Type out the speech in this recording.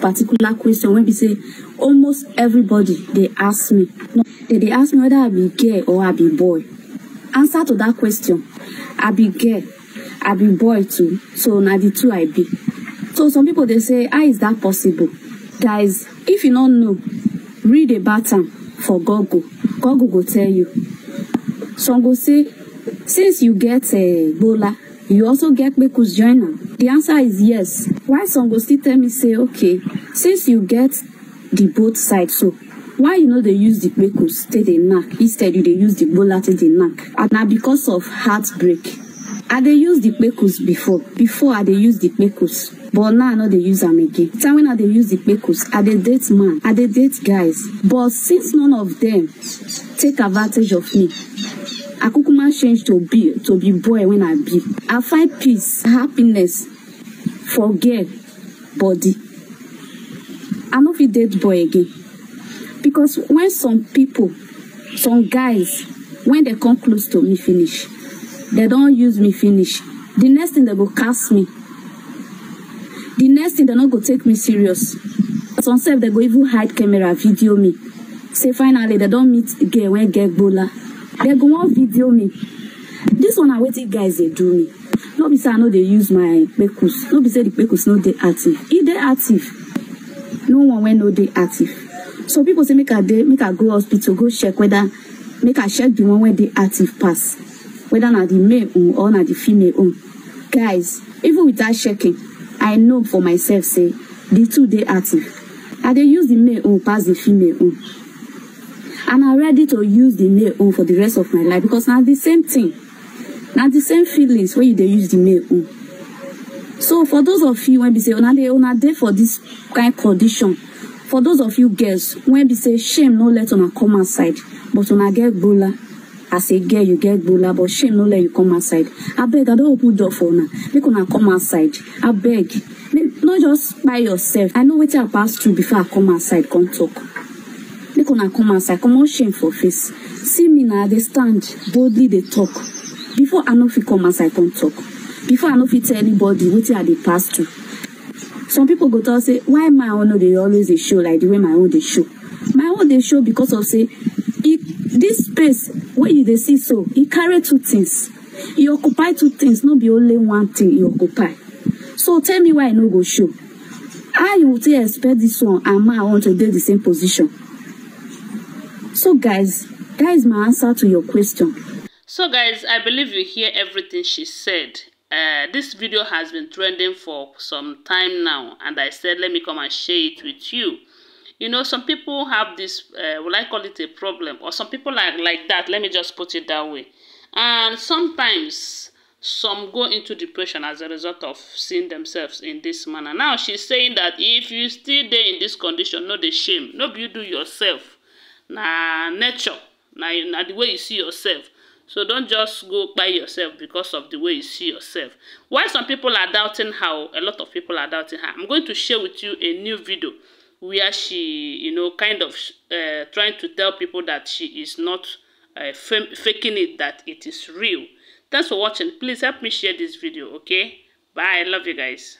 particular question wey be say almost everybody dey ask me dem dey ask me whether i be girl or i be boy answer to that question i be girl i be boy too so na the two i be so some people dey say how is that possible guys if you no know read about am for google google go tell you some go say since you get uh, bola, you also get kpekus join am The answer is yes. Why some go still tell me say, okay, since you get the both sides, so why you know they use the kpekos take the knack instead you they use the gbola to the knack Now because of heartbreak i they use the kpekos before before i they use the kpekos but now i know they use them again time when i they use the kpekos i dey date man i dey date guys but since none of them take advantage of me I kukuma change to be to be boy when I be. I find peace, happiness Forget body. I not be dead boy again. Because when some people, some guys, when they come close to me finish, they don't use me finish. The next thing they will cast me. The next thing they not go take me serious. Some self they go even hide camera video me. Say finally they don't meet girl when girl gbola. They go wan video me This one I wetin guys they do me no be say i no they use my kpekus no be say the kpekus no they active If e they active no one wey no they active so people say make a day make a go hospital go check whether make a check the one wey they active pass whether na the male own or na the female own guys even without checking i know for myself say the two they active i they use the male own pass the female own and i'm ready to use the nail on for the rest of my life because now the same thing now the same feelings when you dey use the nail on so for those of you when be say una oh, dey una oh, dey for this kind condition for those of you girls when be say shame no let una come outside but una get gbola I say girl you get gbola but shame no let you come outside I beg i don't open door for una make una come outside I beg not just by yourself i know wetin i pass through before i come outside come talk una come outside comot shame for face see me na i stand boldly They talk before i no fit come outside come talk before i no fit tell anybody what i dey pass through some people go talk say why my own they always they show like the way my own they show my own they show because of say e this space wey you they see so e carry two things e occupy two things not be only one thing e occupy so tell me why I e no go show I will take expect this one and my own to do the same position So, guys, that is my answer to your question. So, guys, I believe you hear everything she said. Uh, this video has been trending for some time now, and I said, let me come and share it with you. You know, some people have this, uh, will I call it a problem, or some people like like that. Let me just put it that way. And sometimes some go into depression as a result of seeing themselves in this manner. Now she's saying that if you still there in this condition, no the shame, no you do yourself na nature na na the way you see yourself so don't just go by yourself because of the way you see yourself why some people are doubting How a lot of people are doubting her i'm going to share with you a new video where she you know kind of uh, trying to tell people that she is not uh, faking it that it is real thanks for watching please help me share this video okay bye i love you guys